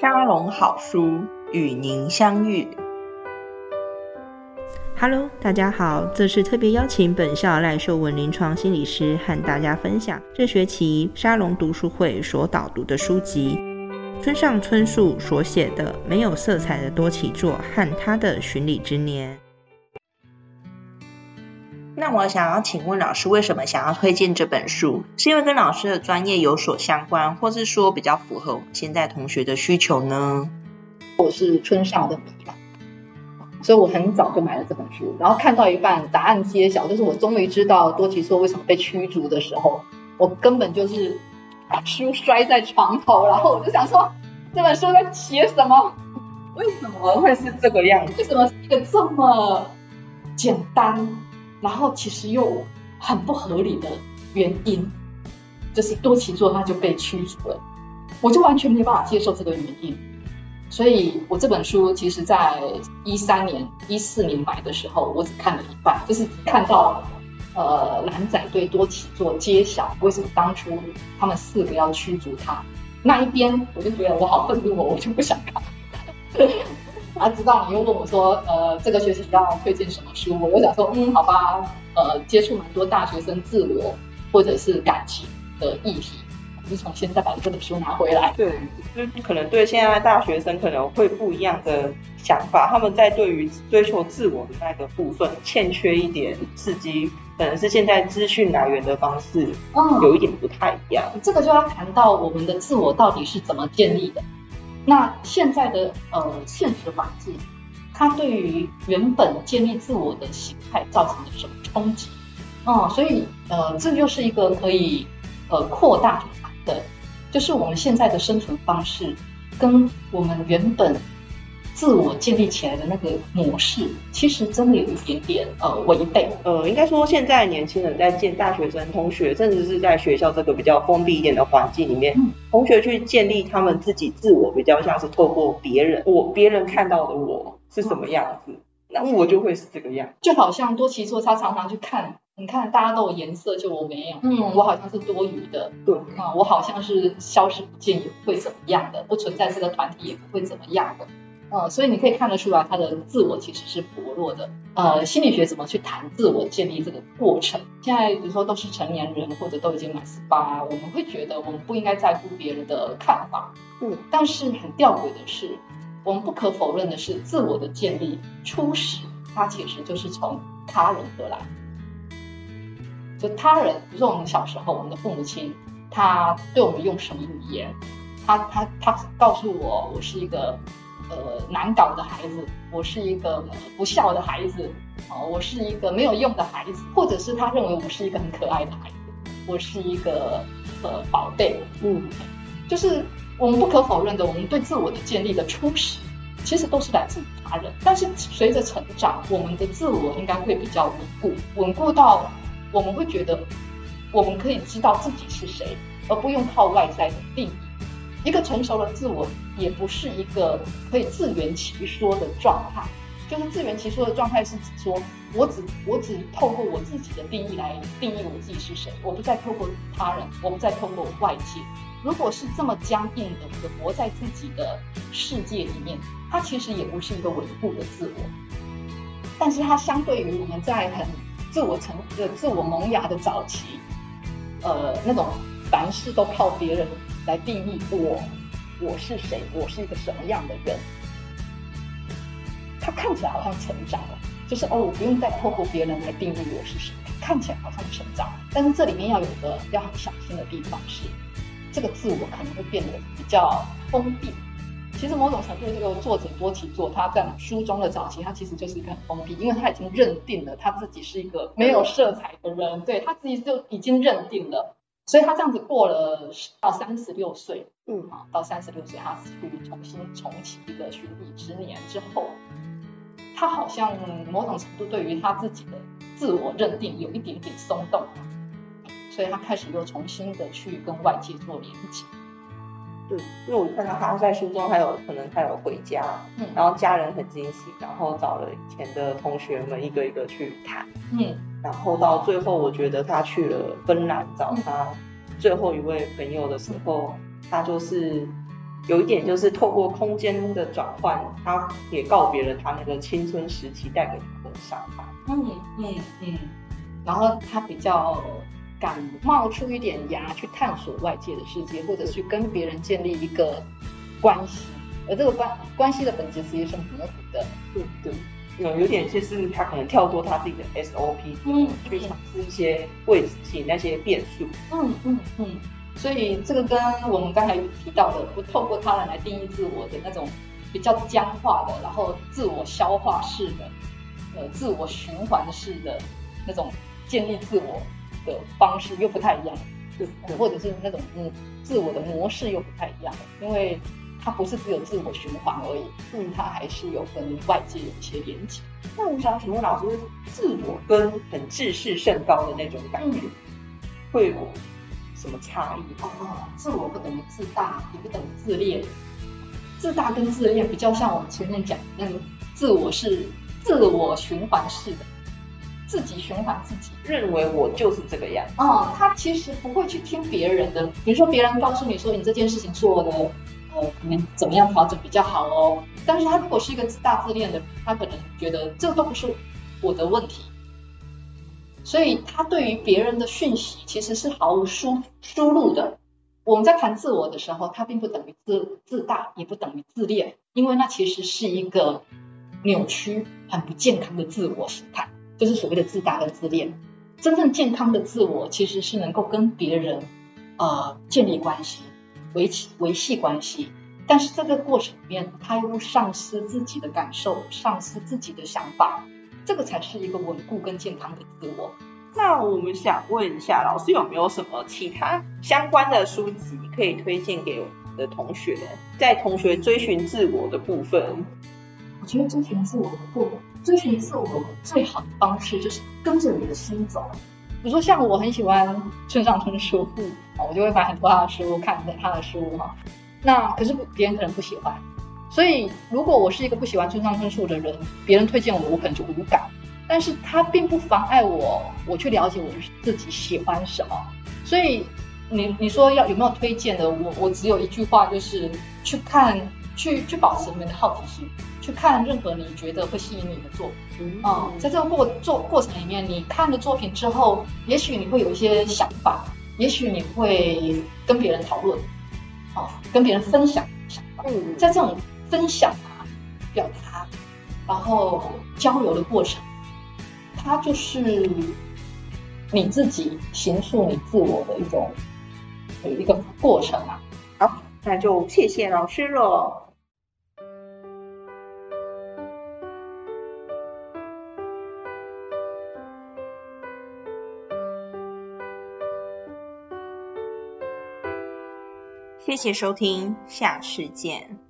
沙龍好書與您相遇。Hello，大家好，這是特別邀請本校賴秀雯臨床心理師和大家分享這學期沙龍讀書會所導讀的書籍——村上春樹所寫的《沒有色彩的多崎作和他的巡禮之年》。那我想要請問老師，為什麼想要推薦這本書？是因為跟老師的專業有所相關，或是說比較符合現在同學的需求呢？我是村上的迷嘛，所以我很早就買了這本書，然後看到一半答案揭曉，就是我終於知道多崎作為什麼被驅逐的時候，我根本就是把書摔在床頭，然後我就想說，這本書在寫什麼？為什麼會是這個樣子？為什麼是一個這麼簡單？然後其實又很不合理的原因，就是多崎作他就被驅逐了，我就完全沒辦法接受這個原因。所以我這本書其實在一三年、一四年買的時候，我只看了一半，就是看到呃藍仔對多崎作揭曉為什麼當初他們四個要驅逐他那一邊，我就覺得我好憤怒哦，我就不想看。 然後、啊、知道你又問我說，呃，這個學期要推薦什麼書？我就想說，嗯，好吧，呃，接觸蠻多大學生自我或者是感情的議題，我就從現在把這本書拿回來。對，就是、可能對現在大學生可能會不一樣的想法，他們在對於追求自我的那個部分欠缺一點刺激，可能是現在資訊來源的方式，嗯，有一點不太一樣、嗯。這個就要談到我們的自我到底是怎麼建立的。那現在的呃現實環境，它對於原本建立自我的形態造成了什麼衝擊？啊、嗯，所以呃，這又是一個可以呃擴大的，就是我們現在的生存方式跟我們原本。自我建立起來的那個模式，其實真的有一點點呃違背。呃，應該說現在年輕人在建大學生同學，甚至是在學校這個比較封閉一點的環境裡面，嗯、同學去建立他們自己自我，比較像是透過別人，我別人看到的我是什麼樣子，那、嗯、我就會是這個樣。就好像多崎作，他常常去看，你看大家都有顏色，就我沒有，嗯，我好像是多餘的，對，啊、嗯，我好像是消失不見，也會怎麼樣的，不存在這個團體，也不會怎麼樣的。呃、嗯、所以你可以看得出來，他的自我其實是薄弱的。嗯、呃，心理學怎麼去談自我建立這個過程？現在比如說都是成年人，或者都已經滿十八，我們會覺得我們不應該在乎別人的看法。嗯，但是很弔詭的是，我們不可否認的是，自我的建立初始，它其實就是從他人得來。就他人，比如說我們小時候，我們的父母親他對我們用什麼語言，他他他告訴我，我是一個。呃，難搞的孩子，我是一個不孝的孩子，哦，我是一個沒有用的孩子，或者是他認為我是一個很可愛的孩子，我是一個呃寶貝，嗯，就是我們不可否認的，我們對自我的建立的初始，其實都是來自於他人，但是隨着成長，我們的自我應該會比較穩固，穩固到我們會覺得我們可以知道自己是誰，而不用靠外在的定義。一個成熟的自我也不是一個可以自圓其說的狀態，就是自圓其說的狀態是指說我只我只透過我自己的定義來定義我自己是誰，我不再透過他人，我不再透過外界。如果是這麼僵硬的活在自己的世界裡面，它其實也不是一個穩固的自我，但是它相對於我們在很自我成自我萌芽的早期，呃，那種凡事都靠別人。來定義我，我是誰？我是一個什麼樣的人？他看起來好像成長了，就是哦，我不用再透過別人來定義我是誰。他看起來好像成長了，但是這裡面要有個要很小心的地方是，這個自我可能會變得比較封閉。其實某種程度，這個作者多崎作他在書中的早期，他其實就是一個很封閉，因為他已經認定了他自己是一個沒有色彩的人，對他自己就已經認定了。所以他這樣子過了十到三十六歲，嗯，到三十六歲，他去重新重啟一個巡禮之年之後，他好像某種程度對於他自己的自我認定有一點點鬆動，所以他開始又重新的去跟外界做連接。因為我看到他在書中，他有可能他有回家，嗯，然後家人很驚喜，然後找了以前的同學們一個一個去談，嗯，嗯，然後到最後，我覺得他去了芬蘭找他最後一位朋友的時候，嗯、他就是有一點，就是透過空間的轉換，嗯、他也告別了他那個青春時期帶給他的想法。嗯嗯嗯，然後他比較。敢冒出一點芽去探索外界的世界，或者去跟別人建立一個關係，而這個關關係的本質其實是很模糊的，對對，對有有點就是他可能跳脫他自己的 SOP，嗯，嗯去嘗試一些未知性，那些變數，嗯嗯嗯，所以這個跟我們剛才提到的不透過他人來定義自我的那種比較僵化的，然後自我消化式的，呃，自我循環式的那種建立自我。的方式又不太一樣，對或者是那種嗯自我的模式又不太一樣，因為它不是只有自我循環而已，它還是有跟外界有一些連接。嗯、那我想請問老師，自我跟很自視甚高的那種感覺，會有什麼差異？哦，自我不等於自大，也不等於自戀。自大跟自戀比較像我們前面講那種自我是自我循環式的。自己循環自己，認為我就是這個樣子，哦。他其實不會去聽別人的。比如說，別人告訴你說你這件事情做的，嗯、呃，怎麼樣調整比較好哦。但是他如果是一個自大自戀的，他可能覺得這都不是我的問題。所以他對於別人的訊息其實是毫無輸輸入的。我們在談自我的時候，他並不等於自自大，也不等於自戀，因為那其實是一個扭曲、很不健康的自我形態。就是所謂的自大跟自戀，真正健康的自我其實是能夠跟別人啊、呃、建立關係、維持維繫關係，但是這個過程裡面，他又喪失自己的感受、喪失自己的想法，這個才是一個穩固跟健康的自我。那我們想問一下老師，有沒有什麼其他相關的書籍可以推薦給我們的同學，在同學追尋自我的部分？我覺得追尋自我的過程，追尋自我最好的方式，就是跟着你的心走。比如說，像我很喜歡村上春樹，啊，我就會買很多他的書，看很多他的書哈。那可是別人可能不喜歡，所以如果我是一個不喜歡村上春樹的人，別人推薦我，我可能就無感。但是他並不妨礙我我去了解我自己喜歡什麼。所以你你說要有沒有推薦的？我我只有一句話，就是去看。去去保持你們的好奇心，去看任何你覺得會吸引你的作品。嗯，嗯，在這個過做過程裡面，你看了作品之後，也許你會有一些想法，也許你會跟別人討論，哦，跟別人分享想法。嗯，在這種分享、啊，表達，然後交流的過程，它就是你自己形塑你自我的一種有一個過程嘛、啊。好，那就謝謝老師了。謝謝收聽，下次見。